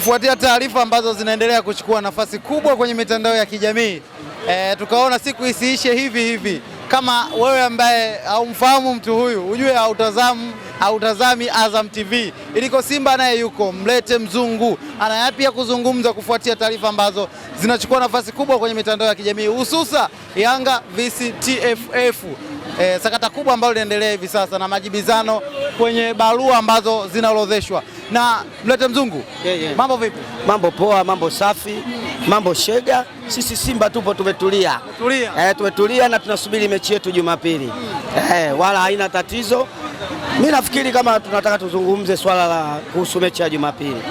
Kufuatia taarifa ambazo zinaendelea kuchukua nafasi kubwa kwenye mitandao ya kijamii e, tukaona siku isiishe hivi hivi. Kama wewe ambaye haumfahamu mtu huyu, hujue hautazamu hautazami Azam TV, iliko Simba naye yuko, mlete mzungu, ana yapi ya kuzungumza kufuatia taarifa ambazo zinachukua nafasi kubwa kwenye mitandao ya kijamii hususa Yanga vs TFF e, sakata kubwa ambalo linaendelea hivi sasa na majibizano kwenye barua ambazo zinaorodheshwa na Mlete Mzungu. yeah, yeah. Mambo vipi? Mambo poa, mambo safi, mambo shega. Sisi Simba tupo tumetulia, tumetulia. E, tumetulia na tunasubiri mechi yetu Jumapili e, wala haina tatizo. Mi nafikiri kama tunataka tuzungumze swala la kuhusu mechi ya Jumapili.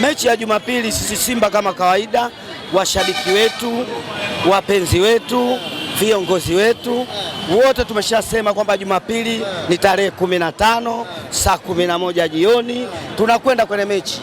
Mechi ya Jumapili, sisi Simba kama kawaida, washabiki wetu, wapenzi wetu viongozi wetu wote tumeshasema kwamba Jumapili ni tarehe kumi na tano saa kumi na moja jioni tunakwenda kwenye mechi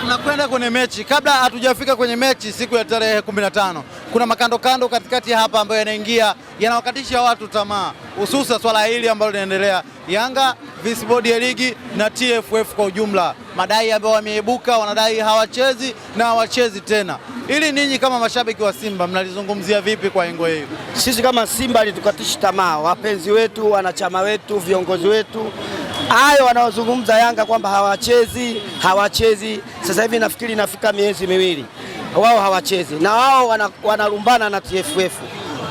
tunakwenda na, na kwenye mechi kabla hatujafika kwenye mechi siku ya tarehe kumi na tano kuna makando kando katikati hapa ambayo yanaingia yanawakatisha watu tamaa, hususa swala hili ambalo linaendelea Yanga vs bodi ya ligi na TFF kwa ujumla, madai ambayo wameibuka wanadai hawachezi na hawachezi tena. Ili ninyi kama mashabiki wa Simba mnalizungumzia vipi kwa engo hii? Sisi kama Simba litukatishi tamaa, wapenzi wetu, wanachama wetu, viongozi wetu hayo wanaozungumza Yanga kwamba hawachezi hawachezi, sasa hivi nafikiri inafika miezi miwili wao hawachezi na wao wanalumbana na TFF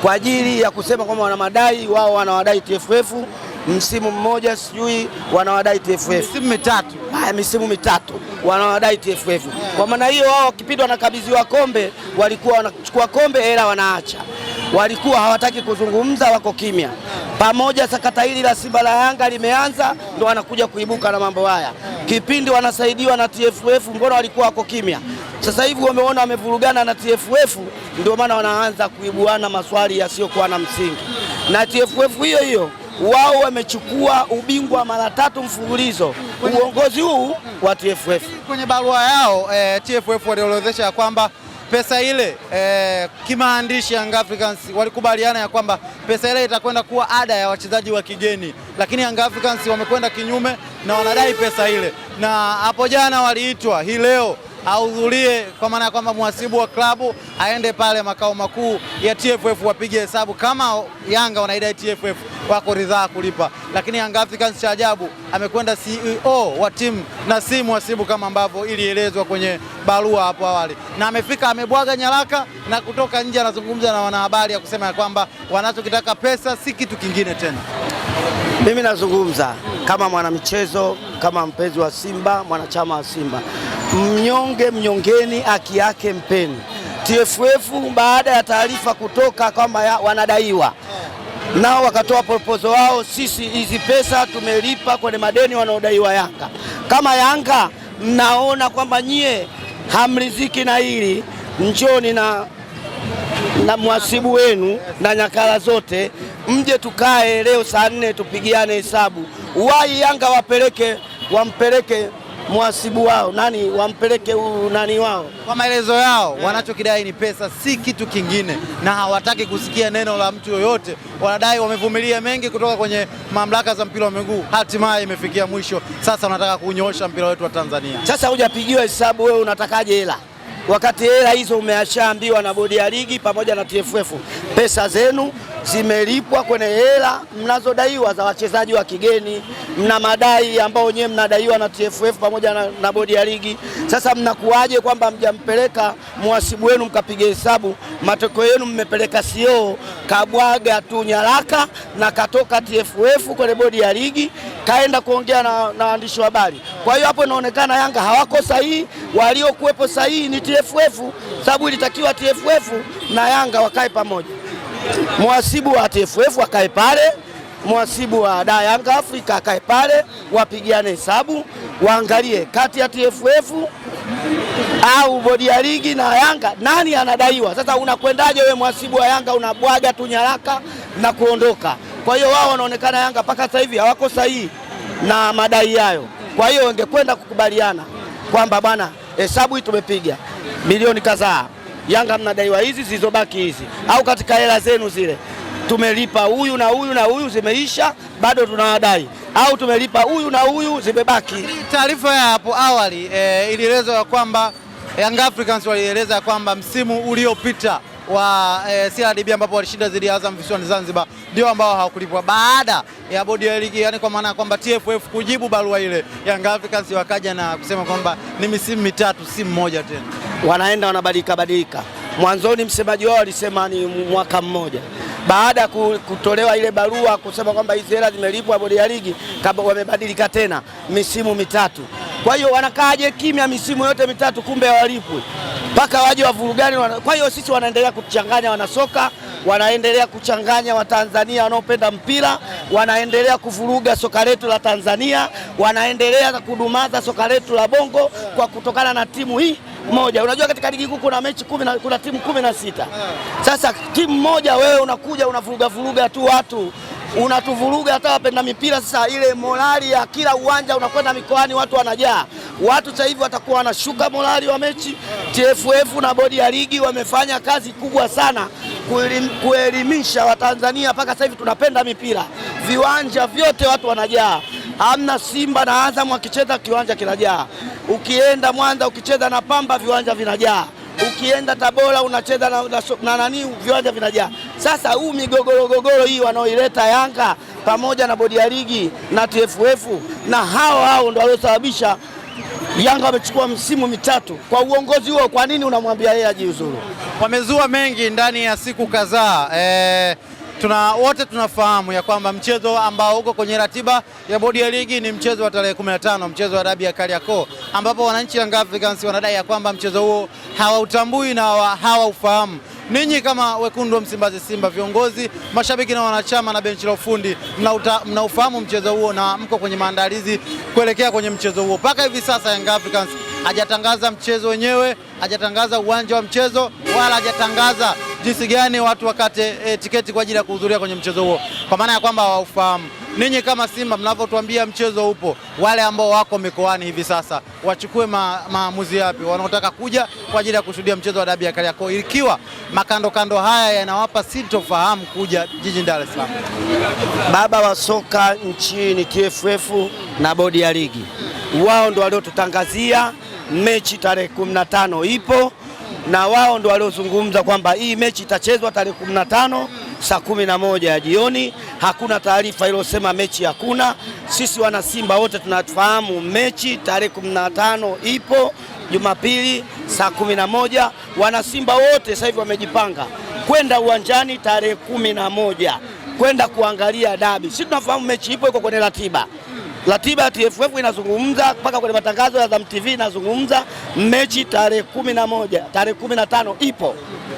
kwa ajili ya kusema kwamba wana madai wao, wanawadai TFF msimu mmoja, sijui wanawadai TFF misimu mitatu, haya misimu mitatu wanawadai TFF. Kwa maana hiyo, wao kipindi wanakabidhiwa kombe walikuwa wanachukua kombe hela wanaacha, walikuwa hawataki kuzungumza, wako kimya pamoja. Sakata hili la Simba la Yanga limeanza, ndo wanakuja kuibuka na mambo haya. Kipindi wanasaidiwa na TFF, mbona walikuwa wako kimya? Sasa hivi wameona wamevurugana na TFF, ndio maana wanaanza kuibuana maswali yasiyokuwa na msingi, na TFF hiyo hiyo wao wamechukua ubingwa mara tatu mfululizo uongozi huu wa TFF. Kwenye barua yao e, eh, TFF waliorodhesha ya kwamba pesa ile e, kimaandishi Young Africans walikubaliana ya kwamba pesa ile itakwenda kuwa ada ya wachezaji wa kigeni, lakini Young Africans wamekwenda kinyume na wanadai pesa ile, na hapo jana waliitwa hii leo ahudhurie, kwa maana ya kwamba mhasibu wa klabu aende pale makao makuu ya TFF wapige hesabu kama Yanga wanaidai TFF wako ridhaa kulipa. Lakini Yanga Africans cha ajabu amekwenda CEO wa timu na si mhasibu kama ambavyo ilielezwa kwenye barua hapo awali, na amefika amebwaga nyaraka na kutoka nje anazungumza na wanahabari ya kusema ya kwamba wanachokitaka pesa si kitu kingine tena. Mimi nazungumza kama mwanamichezo, kama mpenzi wa Simba, mwanachama wa Simba, mnyonge mnyongeni, haki yake mpeni. TFF baada ya taarifa kutoka kwamba wanadaiwa nao wakatoa proposal wao, sisi hizi pesa tumelipa kwenye madeni wanaodaiwa Yanga. Kama Yanga mnaona kwamba nyie hamriziki na hili, njoni na, na mwasibu wenu na nyakala zote, mje tukae leo saa nne tupigiane hesabu wai Yanga wapeleke wampeleke mwasibu wao nani, wampeleke huu nani wao. Kwa maelezo yao, eh. wanachokidai ni pesa, si kitu kingine, na hawataki kusikia neno la mtu yoyote. Wanadai wamevumilia mengi kutoka kwenye mamlaka za mpira wa miguu, hatimaye imefikia mwisho. Sasa wanataka kunyoosha mpira wetu wa Tanzania. Sasa hujapigiwa hesabu wewe, unatakaje hela wakati hela hizo umeashaambiwa na bodi ya ligi pamoja na TFF, pesa zenu zimelipwa kwenye hela mnazodaiwa za wachezaji wa kigeni, mna madai ambao wenyewe mnadaiwa na TFF pamoja na, na bodi ya ligi. Sasa mnakuwaje kwamba mjampeleka mhasibu wenu mkapiga hesabu? Matokeo yenu mmepeleka CEO kabwaga tu nyaraka na katoka TFF kwenye bodi ya ligi kaenda kuongea na waandishi wa habari. Kwa hiyo hapo inaonekana Yanga hawako sahihi, waliokuwepo sahihi ni TFF, sababu ilitakiwa TFF na Yanga wakae pamoja mwasibu wa TFF akae pale, mwasibu wa da Yanga Africa akae pale, wapigiane hesabu, waangalie kati ya TFF au bodi ya ligi na Yanga nani anadaiwa. Sasa unakwendaje wewe mwasibu wa Yanga unabwaga tu nyaraka na kuondoka? Kwa hiyo wao wanaonekana Yanga mpaka sasa hivi hawako sahihi na madai yayo. Kwa hiyo wangekwenda kukubaliana kwamba bwana, hesabu hii tumepiga milioni kadhaa Yanga mnadaiwa hizi zilizobaki hizi, au katika hela zenu zile tumelipa huyu na huyu na huyu zimeisha, bado tunawadai, au tumelipa huyu na huyu zimebaki. Taarifa ya hapo awali e, ilielezwa ya kwamba Young Africans walieleza kwamba msimu uliopita wa e, CRDB ambapo walishinda dhidi ya Azam visiwani Zanzibar ndio ambao hawakulipwa baada ya bodi ya ligi, yani kwa maana ya kwamba TFF kujibu barua ile, Young Africans wakaja na kusema kwamba ni misimu mitatu, si mmoja tena wanaenda wanabadilika badilika. Mwanzoni msemaji wao alisema ni mwaka mmoja baada ya kutolewa ile barua kusema kwamba hizi hela zimelipwa bodi ya ligi, wamebadilika tena misimu mitatu. Kwa hiyo wanakaaje kimya misimu yote mitatu, kumbe hawalipwi mpaka waje wavurugani. Kwa hiyo sisi wanaendelea kuchanganya wanasoka, wanaendelea kuchanganya Watanzania wanaopenda mpira, wanaendelea kuvuruga soka letu la Tanzania, wanaendelea kudumaza soka letu la Bongo kwa kutokana na timu hii moja. Unajua katika ligi kuu kuna mechi kumi na, kuna timu kumi na sita. Sasa timu moja wewe unakuja unavuruga vuruga tu watu unatuvuruga hata wapenda mipira. Sasa ile morali ya kila uwanja unakwenda mikoani, watu wanajaa. Watu sasa hivi watakuwa wanashuka morali wa mechi. TFF na bodi ya ligi wamefanya kazi kubwa sana kuelimisha Watanzania, mpaka sasa hivi tunapenda mipira, viwanja vyote watu wanajaa. Hamna Simba na Azamu wakicheza kiwanja kinajaa. Ukienda Mwanza ukicheza na Pamba viwanja vinajaa, ukienda Tabora unacheza na, na, na nani viwanja vinajaa. Sasa huu migogoro gogoro hii wanaoileta Yanga pamoja na bodi ya ligi na TFF na hao hao ndio waliosababisha Yanga wamechukua msimu mitatu kwa uongozi huo. Kwa nini unamwambia yeye ajiuzuru? Wamezua mengi ndani ya siku kadhaa eh tuna wote tunafahamu ya kwamba mchezo ambao uko kwenye ratiba ya bodi ya ligi ni mchezo wa tarehe 15, mchezo wa dabi ya Kariakoo, ambapo wananchi Young Africans wanadai ya kwamba mchezo huo hawautambui na hawaufahamu. Ninyi kama wekundu wa Msimbazi, Simba, viongozi, mashabiki na wanachama na benchi la ufundi, mnaufahamu mchezo huo na mko kwenye maandalizi kuelekea kwenye mchezo huo. Mpaka hivi sasa Young Africans hajatangaza mchezo wenyewe, hajatangaza uwanja wa mchezo, wala hajatangaza jinsi gani watu wakate e, tiketi kwa ajili ya kuhudhuria kwenye mchezo huo, kwa maana ya kwamba waufahamu Ninyi kama Simba mnavyotuambia mchezo upo, wale ambao wako mikoani hivi sasa wachukue maamuzi yapi, wanaotaka kuja kwa ajili ya kushuhudia mchezo wa dabi ya Kariakoo, ikiwa makandokando haya yanawapa sintofahamu kuja jijini Dar es Salaam? Baba wa soka nchini TFF na bodi ya ligi, wao ndo waliotutangazia mechi tarehe 15 ipo na wao ndo waliozungumza kwamba hii mechi itachezwa tarehe 15 saa kumi na moja ya jioni. Hakuna taarifa iliyosema mechi hakuna. Sisi wana Simba wote tunafahamu mechi tarehe tano ipo Jumapili saa kumi na moja. Wana Simba wote sasa hivi wamejipanga kwenda uwanjani tarehe kumi na moja kwenda kuangalia dabi. Sisi tunafahamu mechi ipo, iko kwenye ratiba. Ratiba ya TFF inazungumza mpaka kwenye matangazo ya Azam TV inazungumza mechi tarehe kumi na moja tarehe kumi na tano ipo.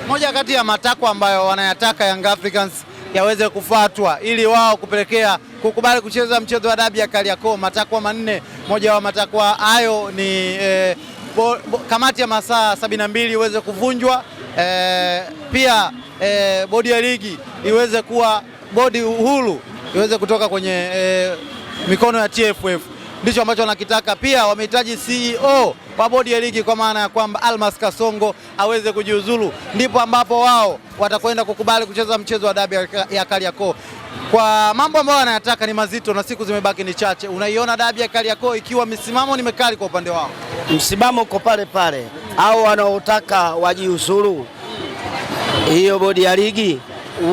Moja kati ya matakwa ambayo wanayataka Young Africans yaweze kufuatwa ili wao kupelekea kukubali kucheza mchezo wa dabi ya Kariakoo. Matakwa manne, moja wa matakwa hayo ni eh, bo, bo, kamati ya masaa sabini na mbili iweze kuvunjwa eh, pia eh, bodi ya ligi iweze kuwa bodi uhulu iweze kutoka kwenye eh, mikono ya TFF, ndicho ambacho wanakitaka. Pia wamehitaji CEO wa bodi ya ligi, kwa maana ya kwamba Almas Kasongo aweze kujiuzulu, ndipo ambapo wao watakwenda kukubali kucheza mchezo wa dabi ya Kariakoo. Kwa mambo ambayo wanayataka ni mazito na siku zimebaki ni chache. Unaiona dabi ya Kariakoo ikiwa misimamo ni mikali kwa upande wao, msimamo uko pale pale, au wanaotaka wajiuzulu hiyo bodi ya ligi,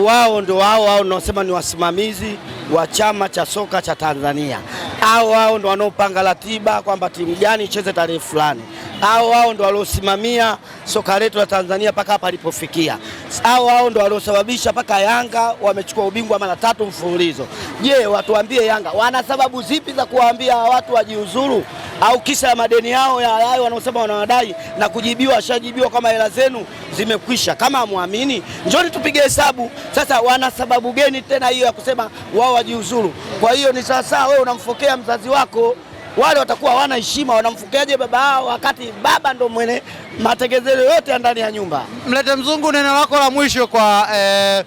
wao ndio wao, wao naosema ni wasimamizi wa chama cha soka cha Tanzania, au wao ndo wanaopanga ratiba kwamba timu gani icheze tarehe fulani hao hao ndo waliosimamia soka letu la Tanzania mpaka hapa alipofikia. Hao hao ndo waliosababisha mpaka Yanga wamechukua ubingwa mara tatu mfululizo. Je, watuambie Yanga wana sababu zipi za kuwaambia watu wajiuzuru au kisa ya madeni yao ya hayo wanaosema wanawadai na kujibiwa, washajibiwa kama hela zenu zimekwisha. Kama hamwamini, njoni tupige hesabu sasa. Wana sababu gani tena hiyo ya kusema wao wajiuzuru? Kwa hiyo ni sawasawa wewe unamfokea mzazi wako wale watakuwa hawana heshima, wanamfukiaje baba yao wakati baba ndo mwenye mategezezo yote ya ndani ya nyumba. Mlete Mzungu, neno lako la mwisho kwa eh,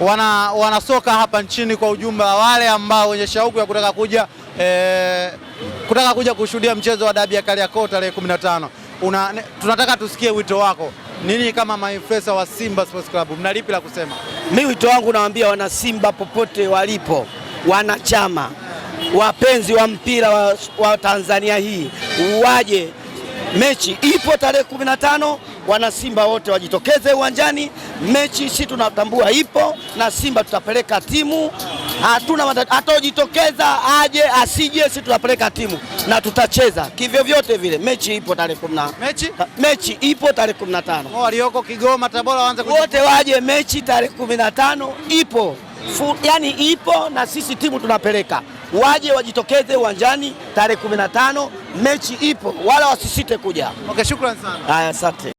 wana wanasoka hapa nchini kwa ujumla, wale ambao wenye shauku ya kutaka kuja eh, kutaka kuja kushuhudia mchezo wa dabi ya Kariakoo tarehe 15 una, tunataka tusikie wito wako nini kama maifesa wa Simba Sports Club, mna lipi la kusema? Mi wito wangu nawaambia wana Simba popote walipo, wanachama wapenzi wa mpira wa, wa Tanzania hii waje. Mechi ipo tarehe kumi na tano. Wana Simba wote wajitokeze uwanjani. Mechi si tunatambua ipo na Simba tutapeleka timu, hatuna atojitokeza aje asije, si tutapeleka timu na tutacheza kivyo vyote vile. Mechi ipo tarehe 10 mechi? mechi ipo tarehe 15 walioko Kigoma, Tabora waanze wote waje, mechi tarehe 15 ipo Fu, yani ipo na sisi timu tunapeleka waje wajitokeze uwanjani tarehe 15, mechi ipo, wala wasisite kuja. Okay, shukrani sana. Haya, asante.